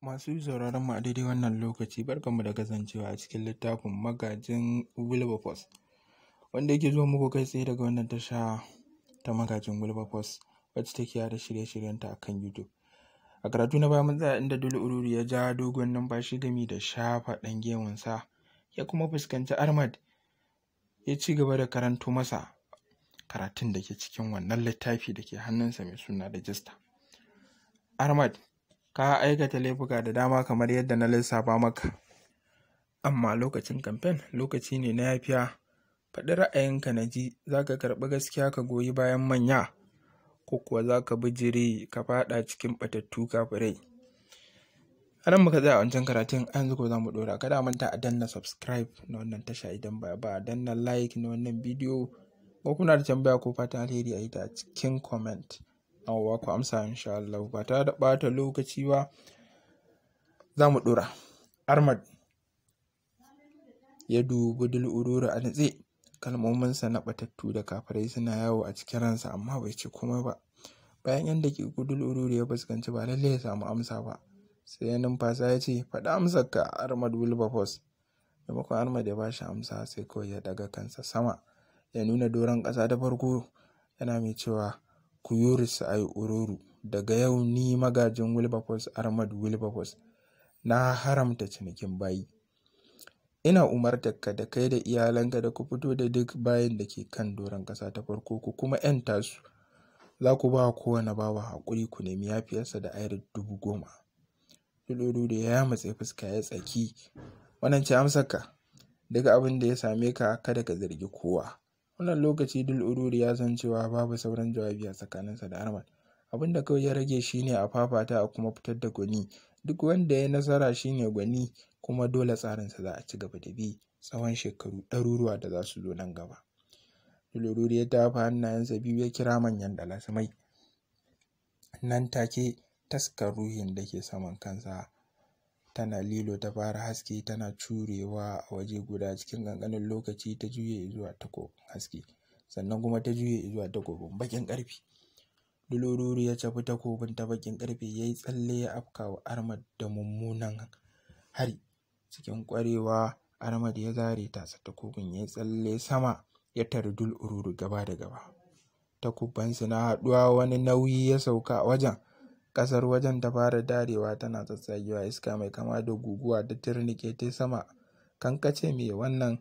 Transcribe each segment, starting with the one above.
Masu sauraron mu a daidai wannan lokaci barkanmu da kasancewa a cikin littafin Magajin Wilberforce wanda yake zuwa muku kai tsaye daga wannan tasha ta Magajin Wilberforce wacce take yada shirye-shiryenta a kan YouTube. A karatu na baya mun tsaya inda Dole Ururu ya ja dogon numfashi gami da shafa dan gemunsa ya kuma fuskanci Ahmad ya ci gaba da karanto masa karatun da ke cikin wannan littafi da ke hannunsa mai suna Rajista. Ahmad ka aikata laifuka da dama kamar yadda na lissafa maka amma lokacin kamfen lokaci ne na yafiya faɗi ra'ayinka na ji za ka karɓi gaskiya ka goyi bayan manya ko kuwa za ka bijiri ka faɗa cikin ɓatattu kafirai a nan muka tsaya a wancan karatun an ko za mu ɗora kada manta a danna subscribe na wannan tasha idan ba ba a danna like na wannan bidiyo ko kuna da tambaya ko fatan alheri a yi ta cikin comment awa ku amsa insha Allah ba ta da ɓata lokaci ba za mu ɗora armad ya dubi ururu a nutse kalmominsa na ɓatattu da kafirai suna yawo a cikin ransa amma bai ci kuma ba bayan yan daƙiƙu ururu ya fuskanci ba lallai ya samu amsa ba sai ya numfasa ya ce faɗi amsar ka armad wilberforce maimakon armad ya ba shi amsa sai kawai ya daga kansa sama ya nuna doron ƙasa da farko yana mai cewa ayi ororu daga yau ni magajin Wilberforce Ahmad Wilberforce na haramta cinikin bayi. Ina umartarka da kai da iyalanka da ku fito da duk bayin da ke kan doron ƙasa ta farko ku kuma 'yan tasu. za ku ba kowane bawa haƙuri ku nemi yafiyarsa da ayar dubu goma. Ɗuɗuru da ya matse fuska ya tsaki, wannan ce ka duk abin da ya same ka kada ka zargi kowa. Wannan lokaci Dil-Ururi ya san cewa babu sauran jawabi a tsakaninsa da Ahmad. Abin da kawai ya rage shine a fafata a kuma fitar da gwani. Duk wanda ya yi nasara shine gwani kuma dole tsarinsa za a ci gaba da bi tsawon shekaru ɗaruruwa da za su zo nan gaba. dul ururi ya tafa hannayensa biyu ya kira manyan dalasmai Nan take taskar ruhin da ke saman kansa tana lilo ta fara haske tana curewa a waje guda cikin ƙanƙanin lokaci ta juye zuwa takobin haske sannan kuma ta juye zuwa takobin baƙin ƙarfe Duloruru ya cafi takobin ta bakin ƙarfe ya yi tsalle ya afka wa Ahmad da mummunan hari cikin ƙwarewa Ahmad ya zare tasa takobin ya yi tsalle sama ya tari dulururu gaba da gaba takubansu na haɗuwa wani nauyi ya sauka a wajen Ƙasar wajen ta fara darewa tana tsatsagewa iska mai kama da guguwa ta turnike ta sama. Kankace mai wannan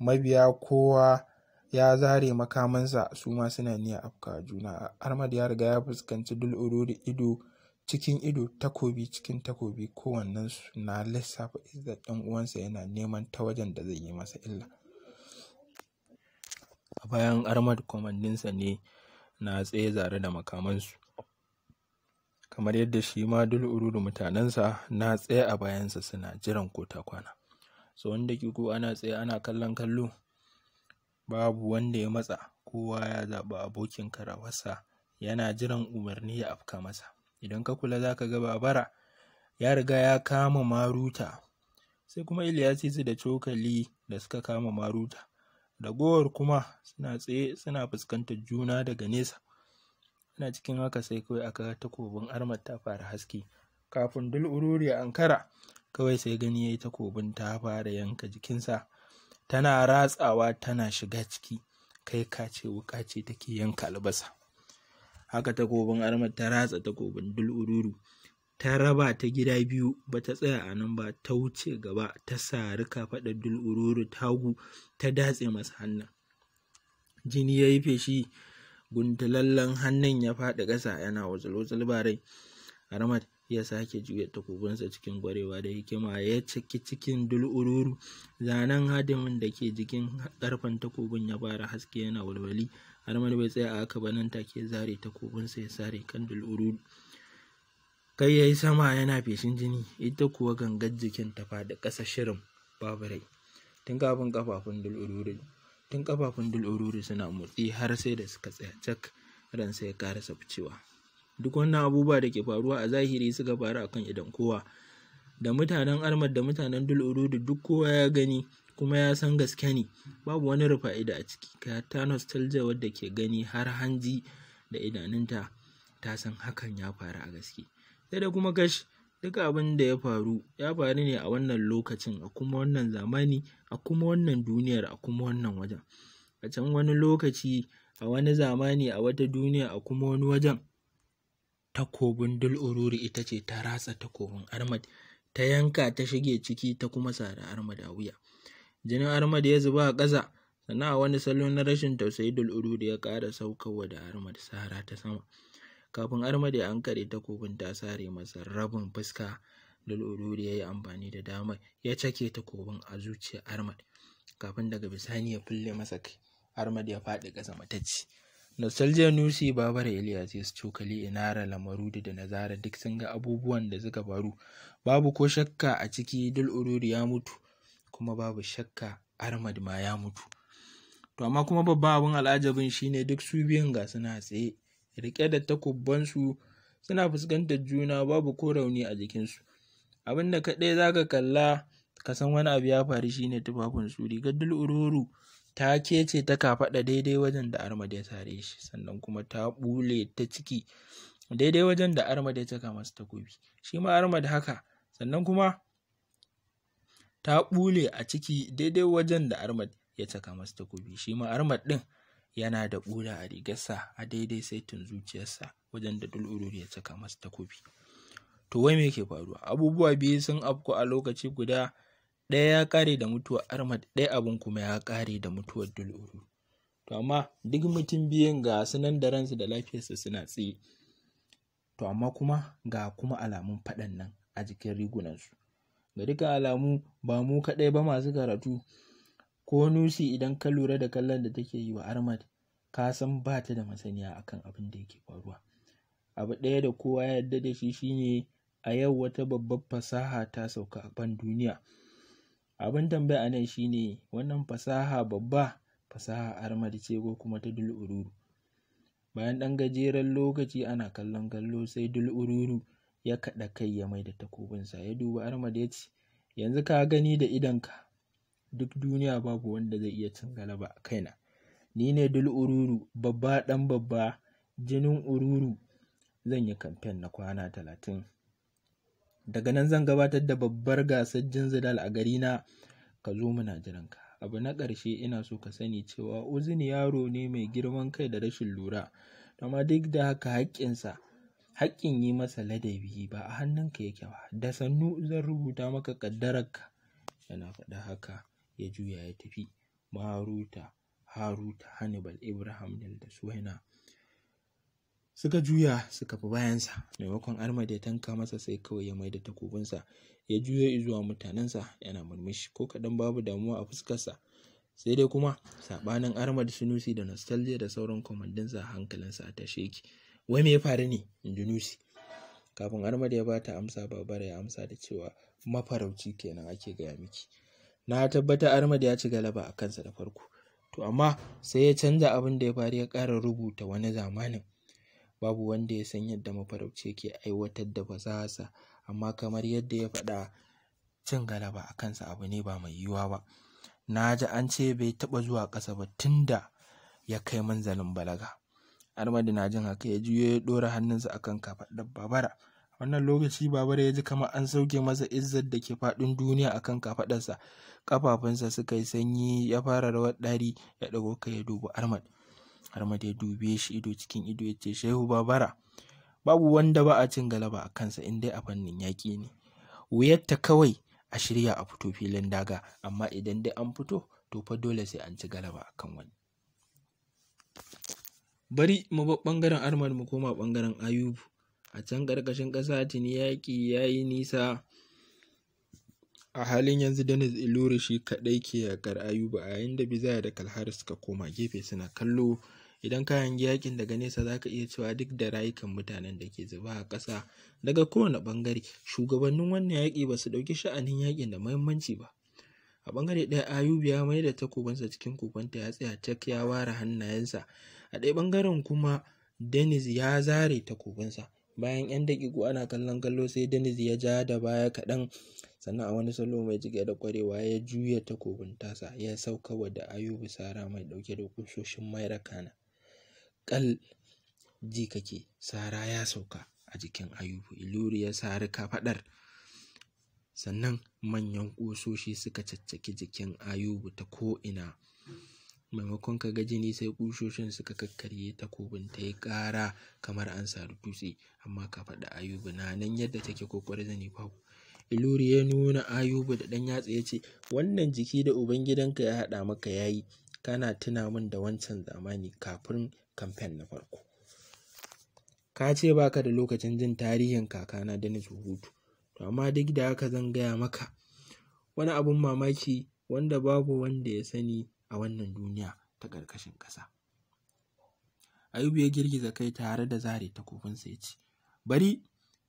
mabiya kowa ya zare makamansa su ma suna niya afkawa juna. Ahmad ya riga ya fuskanci dul'ururi ido cikin ido takobi cikin takobi kowannensu na lissafa izzar ɗan uwansa yana neman ta wajen da zai yi masa illa. A bayan Ahmad kwamanninsa ne na tsaye zare da makamansu. kamar yadda shi ma da mutanensa na tsaye a bayansa suna jiran ko ta kwana tsawon ko ana tsaye ana kallon kallo babu wanda ya matsa kowa ya zaɓi abokin karawarsa yana jiran umarni ya afka masa idan ka kula za ka ga babara ya riga ya kama maruta sai kuma iliyasisu da cokali da suka kama maruta ragowar kuma suna tsaye suna fuskantar juna daga nesa Ana cikin haka sai kawai aka ga takobin armar ta fara haske. Kafin dul'ururi ya ankara, kawai sai gani ya yi takobin ta fara yanka jikinsa. Tana ratsawa tana shiga ciki, kai ka ce wuƙa ce take yanka albasa. Haka takobin armar ta ratsa takobin dul'ururu. ta raba ta gida biyu ba ta tsaya a nan ba ta wuce gaba ta sari kafaɗar dul'ururu tagu ta datse masa hannun jini ya yi feshi guntulallen hannun ya faɗi ƙasa yana wutsul-wutsul ba rai Ahmad ya sake juya takobinsa cikin gwarewa da hikima ya ciki cikin dul'ururu zanen hadimin da ke jikin ƙarfen takobin ya fara haske yana walwali Ahmad bai tsaya a haka ba nan take zare takobinsa ya sare kan dul'ururu kai yayi sama yana feshin jini ita kuwa gangar jikin ta faɗi ƙasa shirin babu rai tun kafin kafafun dul'ururu tun kafafun dul'ururi suna motsi har sai da suka tsaya cak sai ya karasa ficewa duk wannan abubuwa da ke faruwa a zahiri suka faru akan idan kowa da mutanen armad da mutanen dul'ururi duk kowa ya gani kuma ya san gaske ne babu wani rufa'ida a ciki ka ta nostalgia wadda ke gani har hanji da idanunta ta san hakan ya faru a gaske sai da kuma kashi. Duk abin da ya faru, ya faru ne a wannan lokacin, a kuma wannan zamani, a kuma wannan duniyar, a kuma wannan wajen. A can wani lokaci, a wani zamani, a wata duniya, a kuma wani wajen. Takobin Dul'ururi ita ce ta ratsa takobin armad ta yanka ta shige ciki ta kuma sara armad a wuya. Jinin armad ya zuba a ƙasa, sannan a wani salo na rashin tausayi Dul'ururi ya ƙara saukarwa da armad sara ta sama. kafin Armada ya ankare takobin ta sare masa rabin fuska Lolori ya yi amfani da dama ya cake takobin a zuciyar Armad kafin daga bisani ya fulle masa kai Armad ya faɗi ƙasa matacci Nostalgia Nusi Babar sai ya cokali Inara lamaru da Nazara duk sun ga abubuwan da suka faru babu ko shakka a ciki Dul ya mutu kuma babu shakka Armad ma ya mutu to amma kuma babban abin al'ajabin shine duk su biyun ga suna tsaye riƙe da takubbansu suna fuskantar juna babu ko rauni a jikinsu abin da kaɗai za ka kalla ka san wani abu ya faru shine tufafinsu rigar dulururu ta kece ta kafaɗa daidai wajen da armad ya sare shi sannan kuma ta ɓule ta ciki daidai wajen da armad ya caka masa takobi shi ma armad haka sannan kuma ta ɓule a ciki daidai wajen da armad ya caka masa takobi shi ma armad ɗin yana da ƙura a rigarsa a daidai saitin zuciyarsa wajen da dul'ulur ya cika masa takobi to wai me yake faruwa abubuwa biyu sun afku a lokaci guda ɗaya ya ƙare da mutuwar armad ɗaya abin kuma ya ƙare da mutuwar dul'ulur to amma duk mutum biyun ga su da ransu da lafiyarsa suna tsaye to amma kuma ga kuma alamun faɗan nan a jikin rigunansu ga duka alamu ba mu kaɗai ba masu karatu ko nusi idan ka lura da kallon da take yi wa armad ka san ba ta da masaniya akan abin da yake faruwa abu ɗaya da kowa ya yarda da shi shine a yau wata babbar fasaha ta sauka a kan duniya abin tambaya anan shine wannan fasaha babba fasaha armad ce ko kuma ta dul ururu. bayan ɗan gajeren lokaci ana kallon kallo sai dul ururu ya kaɗa kai ya mai da takobinsa ya duba armad ya ce yanzu ka gani da idonka duk duniya babu wanda zai iya cin galaba a kaina ni ne dul ururu babba Dan babba jinin ururu zan yi kamfen na kwana talatin daga nan zan gabatar da babbar gasar jin zidal a gari na ka zo muna jiranka abu na ƙarshe ina so ka sani cewa uzini yaro ne mai girman kai da rashin lura amma duk da haka haƙƙinsa haƙƙin yi masa ladabi ba a hannunka yake ba da sannu zan rubuta maka ƙaddararka yana faɗa haka ya juya ya tafi maruta haruta hannibal ibrahim da suhaina suka juya suka fi bayansa maimakon armada ya tanka masa sai kawai ya maida takobinsa ya juya zuwa mutanensa yana murmushi ko kaɗan babu damuwa a fuskarsa sai dai kuma saɓanin armada sunusi da nostalgia da sauran kwamandinsa hankalinsa a tashe yake wai me ya faru ne in kafin armada ya bata amsa babara ya amsa da cewa mafarauci kenan ake gaya miki na tabbata Ahmad ya ci galaba a kansa da farko to amma sai ya canza abin da ya faru ya ƙara rubuta wani zamanin babu wanda ya san yadda mafarauci ke aiwatar da fasahasa amma kamar yadda ya faɗa cin galaba a kansa abu ne ba mai yiwuwa ba na ji an ce bai taɓa zuwa ƙasa ba tun da ya kai manzalin balaga Ahmad na jin haka ya juyo ya ɗora hannunsa akan kafaɗar babara wannan lokaci baba ya ji kamar an sauke masa izzar da ke faɗin duniya akan kafaɗarsa kafafunsa suka yi sanyi ya fara rawar ɗari ya ɗago kai ya dubi armad armad ya dube shi ido cikin ido ya ce shehu babara babu wanda ba a cin galaba a kansa in dai a fannin yaƙi ne wuyarta kawai a shirya a fito filin daga amma idan dai an fito to fa dole sai an ci galaba a kan wani bari mu bangaren armad mu koma bangaren ayubu a can ƙarƙashin ƙasa tuni yaƙi ya yi nisa a halin yanzu Dennis Ilori shi kaɗai ke yakar Ayuba a yayin da Bizaya da Kalhari suka koma gefe suna kallo idan ka hangi yaƙin daga nesa za ka iya cewa duk da rayukan mutanen da ke zuba a ƙasa daga kowane ɓangare shugabannin wannan yaƙi ba su ɗauki sha'anin yaƙin da muhimmanci ba a ɓangare ɗaya ayubu ya mai da takobansa cikin kufanta ya tsaya cak ya ware hannayensa a ɗaya ɓangaren kuma denis ya zare takobansa Bayan 'yan daƙiƙu ana kallon kallo sai Dennis ya ja da baya kaɗan sannan a wani salo mai cike da kwarewa ya juya takobin tasa ya wa da Ayubu sara mai ɗauke da ƙusoshin maira kana. Ƙal ji kake sara ya sauka a jikin Ayubu Iluri ya sari kafaɗar sannan manyan ƙusoshi suka caccaki jikin Ayubu ta ko'ina maimakon ka ga jini sai ƙushoshin suka kakkarye takobin ta yi ƙara kamar an sa dutse amma ka faɗi ayubu na nan yadda take ko zani babu iluri ya nuna ayubu da ɗan yatsa ya ce wannan jiki da ubangidanka ya haɗa maka ya yi kana tuna min da wancan zamani kafin kamfen na farko ka ce ba ka da lokacin jin tarihin kakana Dennis Hutu to amma duk da haka zan gaya maka wani abun mamaki wanda babu wanda ya sani a wannan duniya ta ƙarƙashin ƙasa. Ayubu ya girgiza kai tare da zare takobinsa ya ce, Bari,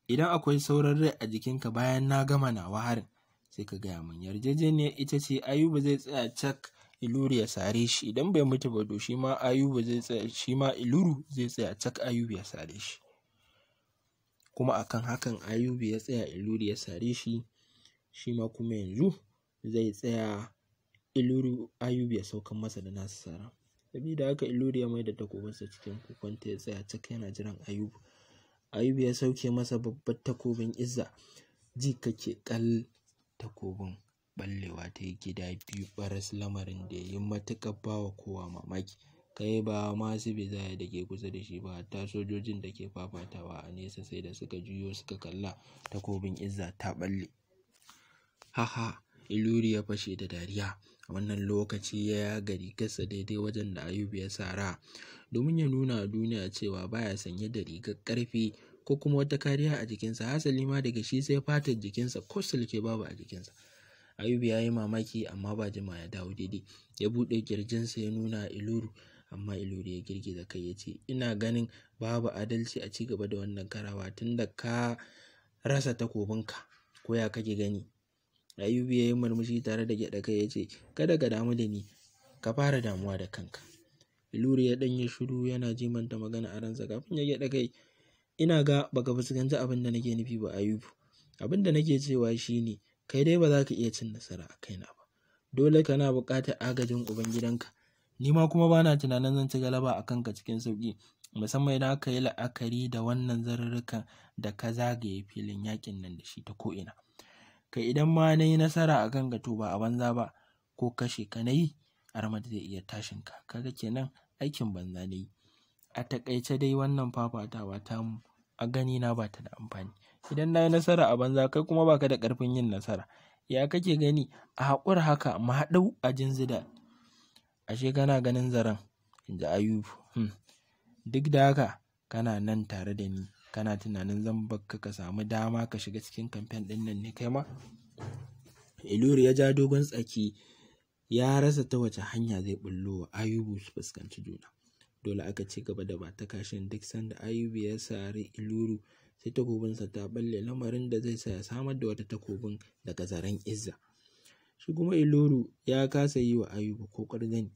idan akwai sauran rai a jikinka bayan na gama nawa harin, sai ka gaya min yarjejeniyar ita ce Ayubu zai tsaya cak Iluru ya sare shi idan bai mutu ba to shi ma Ayubu zai tsaya shi ma Iluru zai tsaya cak Ayubu ya sare shi. Kuma akan hakan Ayubu ya tsaya Iluru ya sare shi, shi ma kuma yanzu zai tsaya Iluru Ayubi ya saukan masa da nasu sara. Sabida haka Iluru ya mai da takobinsa cikin kokonta ya tsaya cak yana jiran Ayubu. Ayubu ya sauke masa babbar takobin Izza. Ji kake kal takobin ballewa ta yi gida biyu baras lamarin da ya yi matuƙar bawa kowa mamaki. kai ba ma su zaya da ke kusa da shi ba Ta sojojin da ke fafatawa a nesa sai da suka juyo suka kalla takobin izza ta ɓalle. haha iluri ya fashe da dariya a wannan lokaci ya yaga rigarsa daidai wajen da Ayubu ya sa sara domin ya nuna wa duniya cewa baya sanye da rigar ƙarfi ko kuma wata kariya a jikinsa hasali ma daga shi sai fatar jikinsa ko silke babu a jikinsa Ayubu ya yi mamaki amma ba jima ya dawo daidai ya buɗe kirjinsa ya nuna Iluru amma Iluru ya girgiza kai ya ce ina ganin babu adalci a ci gaba da wannan karawa tunda ka rasa takobinka ko ya kake gani Ayubu ya yi murmushi tare da gyaɗa kai ya ce, Kada ka damu da ni, ka fara damuwa da kanka. Luri ya ɗanyi shiru yana jimanta magana a ransa kafin ya gyaɗa kai. Ina ga baka fuskanci abin da nake nufi ba Ayubu. Abin da nake cewa shi ne, kai dai ba za ka iya cin nasara a kaina ba. Dole kana buƙatar agajin Ubangidanka. Ni ma kuma bana tunanin zan ci galaba a kanka cikin sauƙi, musamman idan aka yi la'akari da wannan zarurrukan da ka zagaye filin yaƙin nan da shi ta ko'ina. Ka idan ma na yi nasara a kan gato ba a banza ba ko kashe ka na yi armad zai iya tashin ka kaga kenan aikin banza ne? a taƙaice dai wannan fafatawa mu, a gani na ba ta da amfani idan na yi nasara a banza kai kuma baka da ƙarfin yin nasara ya kake gani a haƙura haka ma haɗau a jin zida ashe kana ganin zaren in ji ayubu hmm. duk da haka kana nan tare da ni kana tunanin zan baka ka samu dama ka shiga cikin kamfen ɗinnan nan ne kai ma iluri ya ja dogon tsaki ya rasa ta wace hanya zai bullo wa ayubu su fuskanci juna dole aka ci gaba da bata kashin duk sanda ayubu ya sari iluru sai takobinsa ta balle lamarin da zai sa ya samar da wata takobin daga zaren izza shi kuma iluru ya kasa yi wa ayubu ko ƙwarzani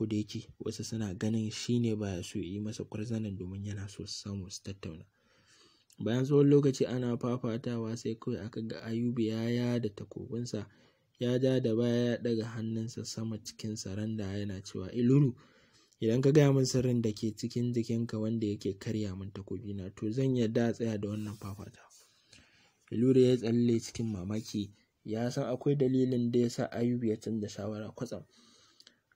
ko da yake wasu suna ganin shi ne baya so yi masa kwarzanan domin yana so su samu su tattauna bayan tsawon lokaci ana fafatawa sai kawai aka ga ayubu ya ya da takobinsa ya ja da baya ya daga hannunsa sama cikin saranda yana cewa iluru eh, idan ka gaya min sirrin da ke cikin jikinka wanda yake karya min takobina to zan yarda tsaya da wannan fafata iluru ya tsalle cikin mamaki ya san akwai dalilin da ya sa ayubu ya canza shawara kwatsam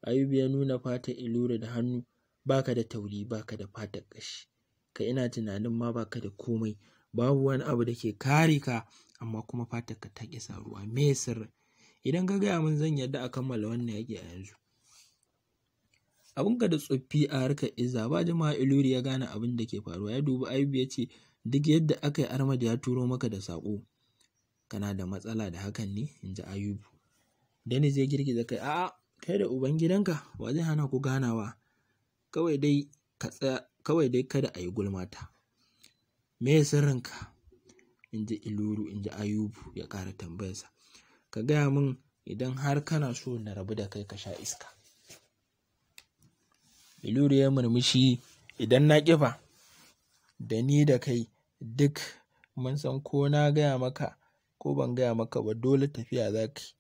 ayubu ya nuna fata Ilura da hannu, baka da tauri, baka da fatar ƙashi, ka ina tunanin ma baka da komai, babu wani abu da ke kare ka, amma kuma fata ka ta ƙi saruwa, me sirrin? Idan ka gaya min zan yarda a kammala wannan yaƙi a yanzu. abinka da tsoffi a harkar Izza ba jama'a Iluri ya gane abin da ke faruwa, ya dubi Ayubu ya ce duk yadda aka yi Armad ya turo maka da saƙo. Kana da matsala da hakan ne? in ji Ayubu. dani zai girgiza kai, a'a kai da ubangidanka wa zai hana ku ganawa kawai dai ka tsaya kawai dai kada a yi gulmata me sirrinka in ji iluru in ji ayubu ya ƙara tambayarsa ka gaya min idan har kana so na rabu da kai ka sha iska iluru ya murmushi idan na ƙifa da ni da kai duk mun san ko na gaya maka ko ban gaya maka ba dole tafiya za ki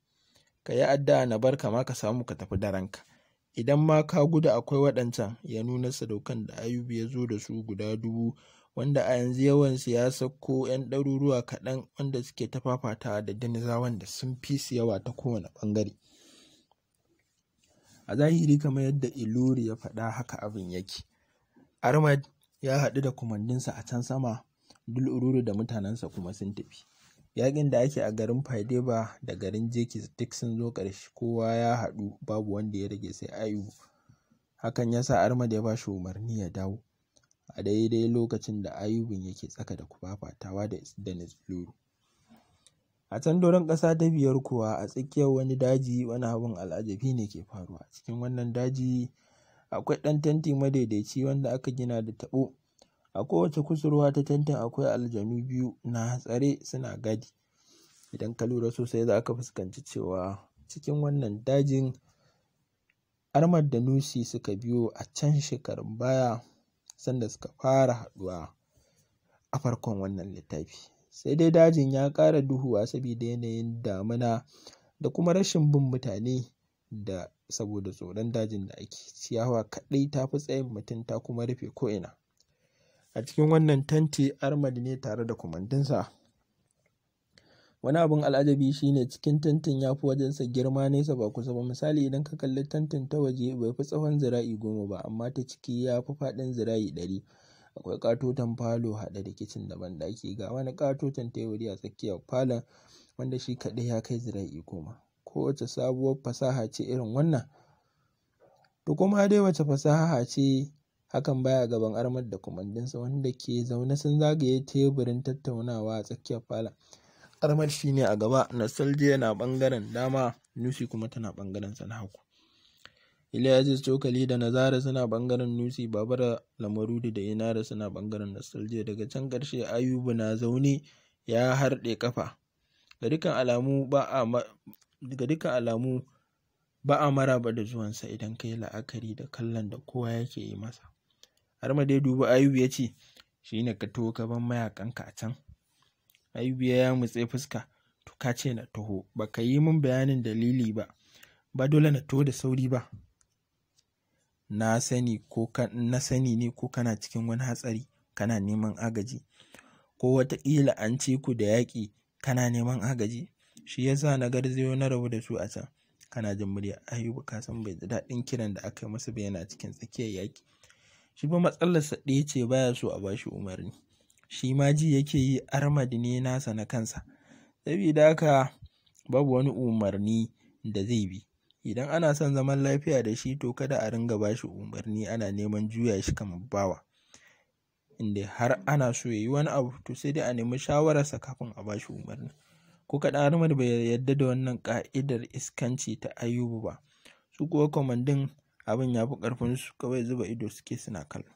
ka yi addu'a na barka ma ka samu ka tafi ka idan ma ka gudu akwai waɗancan ya nuna sadaukan da ayyubu ya zo da su guda dubu wanda a yanzu yawansu ya sauko 'yan ɗaruruwa kaɗan wanda suke ta fafata da danizawan da sun fi su yawa ta kowane ɓangare a zahiri kamar yadda iluri ya faɗa haka abin yake armad ya haɗu da kumandinsa a can sama dul'ururu da mutanensa kuma sun tafi yaƙin da ake a garin faideba da garin Jekis duk sun zo ƙarshe kowa ya haɗu babu wanda ya rage sai Ayub hakan ya sa Ahmad ya ba shi umarni ya dawo a daidai lokacin da Ayubun yake tsaka da kubafa tawa da da Luru a can doron ƙasa ta biyar kuwa a tsakiyar wani daji wani abin al'ajabi ne ke faruwa cikin wannan daji akwai ɗan tenti madaidaici wanda aka gina da taɓo A kowace kusurwa ta tentin akwai aljanu biyu na tsare suna gadi. Idan ka lura sosai za ka fuskanci cewa cikin wannan dajin armar da Nusi suka biyo a can shekarun baya sanda suka fara haɗuwa a farkon wannan littafi. Sai dai dajin ya ƙara duhuwa saboda yanayin damina da kuma rashin bin mutane da saboda tsoron dajin da ake. Ciyawa kaɗai ta fi tsayin mutum ta kuma rufe ko'ina. a cikin wannan tanti armadi ne tare da kumandinsa wani abin al'ajabi shine cikin tantin ya fi wajensa girma nesa ba kusa ba misali idan ka kalli tantin ta waje bai fi tsawon zira'i goma ba amma ta ciki ya fi faɗin zira'i ɗari akwai ƙatoton falo haɗe da kicin da banɗaki ga wani ƙatoton teburi a tsakiyar falon wanda shi kaɗai ya kai zira'i goma kowace sabuwar fasaha ce irin wannan to kuma dai wace fasaha ce hakan baya gaban armar da kumandinsa wanda ke zaune sun zagaye teburin tattaunawa a tsakiyar falon shi shine a gaba Nostalgia na bangaren dama Nusi kuma tana bangaren sana na hagu Ilyasis Cokali da Nazara suna bangaren Nusi Babara Lamarudi da Inara suna bangaren Nostalgia daga can karshe Ayubu na zaune ya harɗe kafa ga dukkan alamu ba a ga ba maraba da zuwansa idan kayi la'akari da kallon da kowa yake yi masa har ma dai dubi ayubu ya ce shi ne ka taho ka bar mayakanka a can ayubu ya yamutse fuska to ka ce na taho ba ka yi min bayanin dalili ba ba dole na taho da sauri ba na sani ko na sani ne ko kana cikin wani hatsari kana neman agaji ko wataƙila an ce ku da yaki kana neman agaji shi yasa na garzayo na rabu da su a can kana jin murya ayuba ka san bai da daɗin kiran da aka yi masa ba yana cikin tsakiyar yaƙi shi ba matsalarsa ɗaya ce baya so a bashi umarni shi ma ji yake yi armad ne nasa na kansa sabida haka babu wani umarni da zai bi idan ana son zaman lafiya da shi to kada a ringa bashi umarni ana neman juya shi kamar bawa inda har ana so ya yi wani abu to sai dai a nemi shawararsa kafin a bashi umarni ko kaɗan armadi bai yarda da wannan ƙa'idar iskanci ta ayubu ba su kuwa kwamandin abin ya fi ƙarfinsu kawai zuba ido suke suna kallo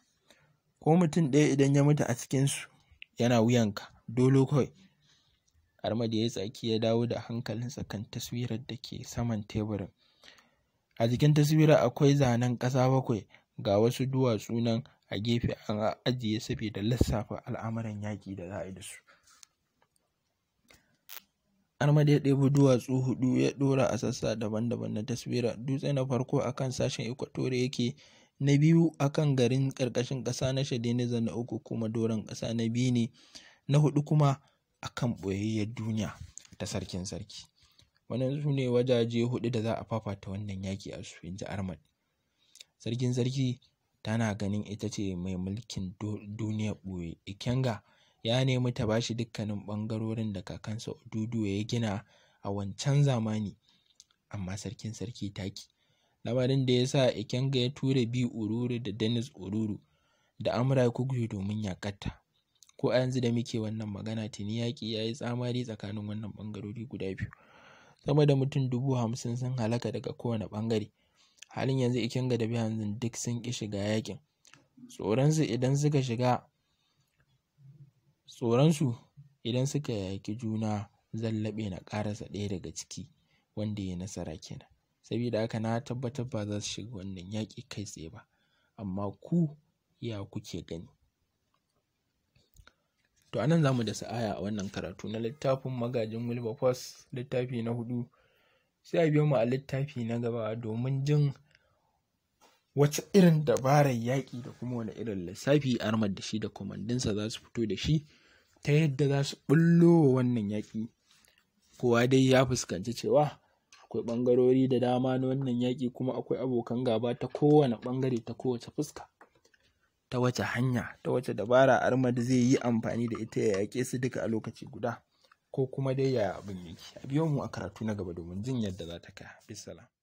ko mutum ɗaya idan ya mutu a cikinsu yana wuyanka dole kawai armadi ya tsaki ya dawo da hankalinsa kan taswirar da ke saman teburin a jikin taswirar akwai zanen ƙasa bakwai ga wasu duwatsu nan a gefe an ajiye saboda lissafa al'amuran yaƙi da za a yi da su Ahmad ya ɗebi duwatsu hudu ya ɗora a sassa daban-daban na taswira. Dutse na farko akan sashen ikwatore yake, na biyu akan garin karkashin ƙasa na Shadeniza, na uku kuma doron ƙasa na biyu ne, na hudu kuma akan kan duniya ta sarkin sarki. Wannan su ne wajaje hudu da za a fafata wannan yaki a su, inji ji Sarkin sarki tana ganin ita ce mai mulkin duniya ɓoye, Ikenga. ya nemi ta ba shi dukkanin ɓangarorin da kakansa Oduduwa ya gina a wancan zamani amma sarkin sarki taki lamarin da ya sa Ikenga ya tura Bi Ururu da Dennis Ururu da Amra Kugwe domin yaƙarta ko a yanzu da muke wannan magana tuni yaƙi ya yi tsamari tsakanin wannan ɓangarori guda biyu sama da mutum dubu hamsin sun halaka daga kowane ɓangare halin yanzu Ikenga da Bi duk sun ƙi shiga yaƙin tsoronsu idan suka shiga tsoronsu idan suka yaki juna zallabe na ƙarasa ɗaya daga ciki wanda ya nasara kenan saboda haka na tabbatar ba za su shiga wannan yaƙi kai tsaye ba amma ku ya kuke gani to anan za mu da aya a wannan karatu na littafin magajin wilberforce littafi na hudu sai a biyo mu a littafi na gaba domin jin wata irin dabarar yaƙi da kuma wani irin lissafi armar da shi da kwamandinsa za su fito da shi ta yadda za su ɓullo wa wannan yaƙi kowa dai ya fuskanci cewa akwai ɓangarori da dama na wannan yaƙi kuma akwai abokan gaba ta kowane ɓangare ta kowace fuska ta wace hanya ta wace dabara armad zai yi amfani da ita ya yaƙe su duka a lokaci guda ko kuma dai ya abin yake a biyo mu a karatu na gaba domin jin yadda za ta kai? bisalam